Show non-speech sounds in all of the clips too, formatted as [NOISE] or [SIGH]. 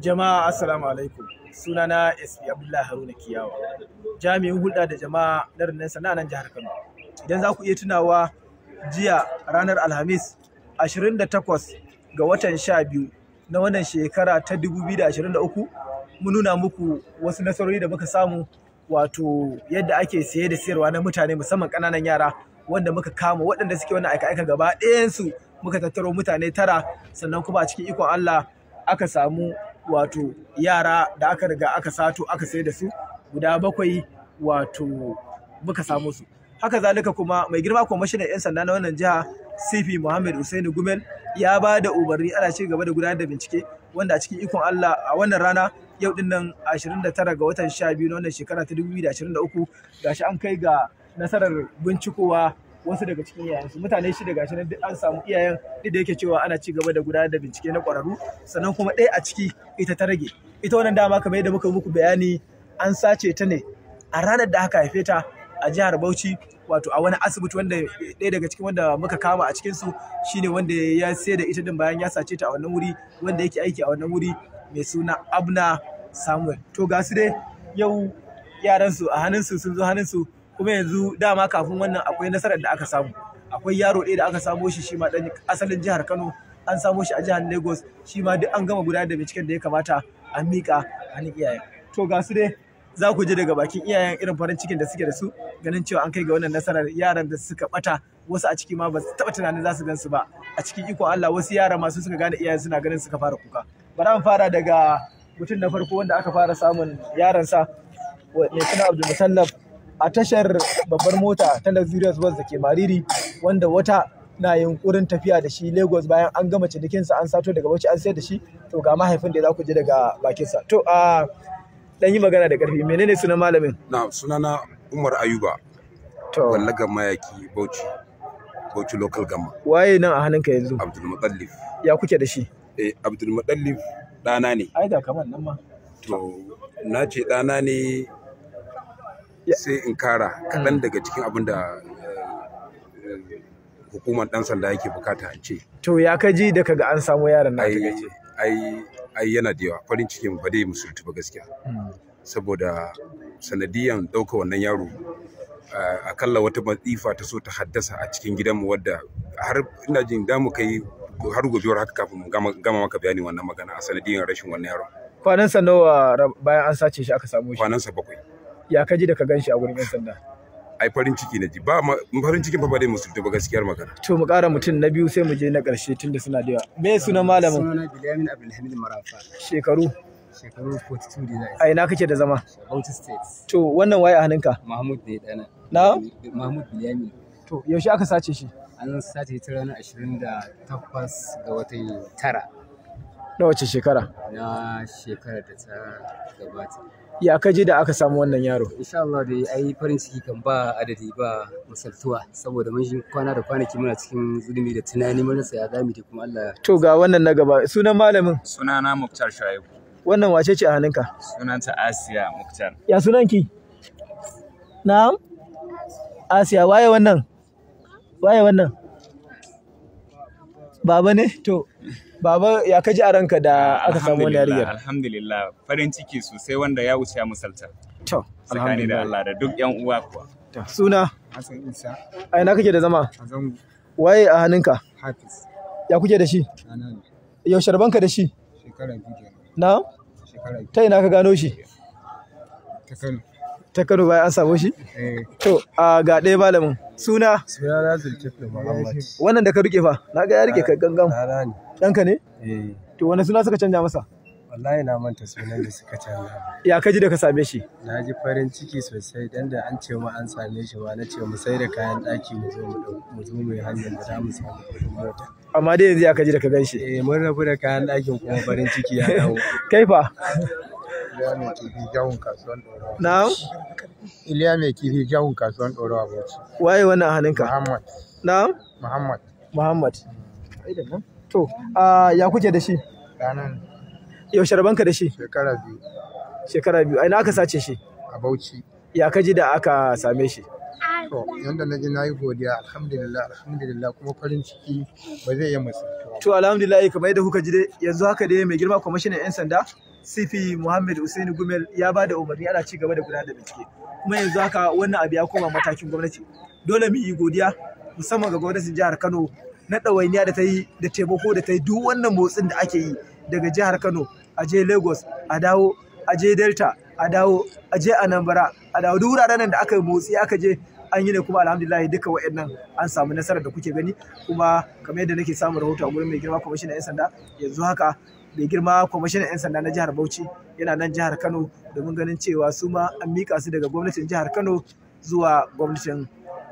Jama'a Assalamu alaikum. Sunana SP Abdullahi Haruna Kiyawa. Jami'in hulɗa da jama'a na rundunar sana'a nan jihar Kano. Idan za ku iya tunawa jiya ranar Alhamis 28 ga watan 12 na wannan shekara ta 2023 mun nuna muku wasu nasarori da muka samu wato yadda ake siye da siyarwa na mutane musamman ƙananan yara wanda muka kama waɗanda suke wannan aika-aika gaba ɗayansu muka tattaro mutane tara sannan kuma a cikin ikon Allah aka samu wato yara da aka riga aka sato aka sai da su guda bakwai wato muka samu su haka zalika kuma mai girma kwamishinan 'yan sanda na wannan jiha cp muhammad usaini gumel ya ba da umarni ana ci gaba da gudanar da bincike wanda a cikin ikon allah a wannan rana yau din nan 29 ga watan 12 na wannan shekara ta 2023 gashi an kai ga nasarar bincikowa wasu daga cikin iyayensu mutane shi daga shi duk an samu iyayen duk da yake cewa ana ci gaba da gudanar da bincike na ƙwararru sannan kuma ɗaya a ciki ita ta rage ita wannan dama kamar yadda muka muku bayani an sace ta ne a ranar da aka haife ta a jihar Bauchi wato a wani asibiti wanda ɗaya daga cikin wanda muka kama a cikinsu shine wanda ya sai da ita din bayan ya sace ta a wannan wuri wanda yake aiki a wannan wuri mai suna Abna Samuel to ga su dai yau yaransu a hannunsu sun zo hannunsu kuma yanzu dama kafin wannan akwai nasarar da aka samu akwai yaro ɗaya da aka samo shi shi ma ɗan asalin jihar kano an samo shi a jihar lagos shi ma duk an gama gudanar da binciken da ya kamata a miƙa hannun iyayen to ga su dai za ku ji daga bakin iyayen irin farin cikin da suke da su ganin cewa an kai ga wannan nasarar yaran da suka bata wasu a ciki ma ba su taɓa tunanin za su gan su ba a cikin ikon Allah wasu yara masu suka gane iyayen suna ganin suka fara kuka bari an fara daga mutum na farko wanda aka fara samun yaransa mai suna Abdul Musallaf a tashar babbar mota ta luxurious bus da ke mariri wanda wata na yunkurin tafiya da shi lagos bayan an gama cinikinsa an sato daga bauchi an sayar da shi to ga mahaifin da za ku je daga bakinsa to a dan yi magana da karfi menene sunan malamin na sunana umar ayuba to wallaga mayaki bauchi bauchi local gamma waye nan a hannunka yanzu abdul mutallif ya kuke da shi eh abdul mutallif dana ne ai da kaman nan ma to na ce dana ne sai in kara kaɗan mm. daga cikin abin da eh, hukumar ɗan sanda yake bukata a ce. To ya ka ji da kaga an samu yaran na daga ce? Ai yana da yawa farin cikin ba dai musultu ba gaskiya. Mm. Saboda sanadiyan ɗauka wannan yaro eh, akalla wata matsifa ta so ta haddasa a cikin gidanmu wadda har ina jin damu kai har gobewar haka kafin mu gama maka bayani wannan magana a sanadiyan rashin wannan yaron. Kwanansa nawa bayan an sace shi aka samu shi? Kwanansa bakwai. ya ka ji da ka ganshi a gurin yan sanda ai farin ciki na ji ba farin cikin fa ba dai musulunta ba gaskiyar magana to mu kara mutum na biyu sai mu je na karshe tunda suna da yawa me suna malamin sunan Bilyamin Abdulhamid Marafa shekaru shekaru 42 da ai na kake da zama Bauchi State to wannan waye a hannunka Mahmud ne dana na Mahmud Bilamin to yaushe aka sace shi an sace ta ranar 28 ga watan 9 na wace shekara na shekara da ta gabata ya ka ji da aka samu wannan yaro insha Allah dai ai farin ciki kan ba adadi ba misaltuwa saboda mun shi kwana da kwanaki muna cikin zulumi da tunani mun rasa ya zami da kuma Allah to ga wannan na gaba sunan malamin sunana Muktar Shuaibu wannan wace ce a hannunka sunanta Asiya Muktar ya sunanki na'am Asiya waye wannan waye wannan Baba ne? To, Baba ya kaji a ranka da aka samu wani yariyar? Alhamdulillah, farin ciki sosai wanda ya wuce a musalta. To, alhamdulillah. da Allah da duk 'yan uwa kuwa. Suna? Hassan Isa. A ina kake da zama? A zango. Waye a hannunka? Hafiz. Ya kuke da shi? Yaushe rabanka da shi? Shekara biyu Na? Shekara Ta ina ka gano shi? Ta Kano. ta Kano bayan an samu shi? Eh. To, a ga ɗaya malamin. Suna? Suna na Zulkifli Muhammad. Wannan da ka rike fa, na ga ya rike ka gangan. Ɗanka ne? Eh. To, wani suna suka canja masa? Wallahi na manta sunan da suka canja. Ya kaji da ka same shi? Na ji farin ciki sosai dan da an ce mu an same shi ba na ce mu sai da kayan ɗaki mu zo mu zo mu yi hanyar da za mu samu kuɗin mota. Amma dai yanzu ya kaji da ka gan shi? Eh mun rabu da kayan ɗakin kuma farin ciki ya dawo. [LAUGHS] Kai fa? Iliya mai kifi jawun kasuwan ɗorawa. Na'am? Iliya mai kifi kasuwan Bauchi. Waye wannan a hannunka? Muhammad. Na'am? Muhammad. Muhammad. Hmm. To, ya kuke da shi? Ɗanan. Yau rabanka da shi? Shekara biyu. Shekara biyu. Aina aka sace shi? A Bauchi. Ya kaji da aka same shi? To, yanda na ji na yi godiya, alhamdulillah, alhamdulillah kuma farin ciki ba zai yi masu. To, alhamdulillah, kamar yadda kuka ji dai yanzu haka dai mai girma kwamishinan 'yan sanda sifi muhammad Hussein gumel ya ba da umarni ana ci gaba da gudanar da bincike kuma yanzu haka wannan abu ya koma matakin gwamnati dole mu yi godiya musamman ga gwamnatin jihar kano na ɗawainiya da ta yi da taimako da ta yi duk wannan motsin da ake yi daga jihar kano a je lagos a dawo a je delta a dawo a je anambra a dawo duk wuraren da aka yi motsi aka je an yi ne kuma alhamdulillah duka wa'annan an samu nasarar da kuke gani kuma kamar yadda nake samun rahoto a gurin mai girma kwamishinan 'yan sanda yanzu haka mai girma kwamishinan 'yan sanda na jihar bauchi yana nan jihar kano domin ganin cewa su ma an mika su daga gwamnatin jihar kano zuwa gwamnatin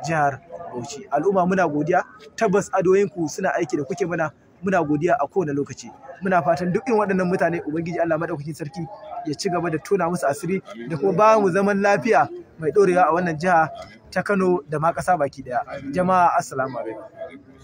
jihar bauchi al'umma muna godiya tabbas adoyinku suna aiki da kuke mana muna godiya a kowane lokaci muna fatan duk in waɗannan mutane ubangiji Allah madaukakin sarki ya ci gaba da tona musu asiri da kuma ba mu zaman lafiya mai ɗorewa a wannan jiha ta Kano da ma ƙasa baki ɗaya jama'a assalamu alaikum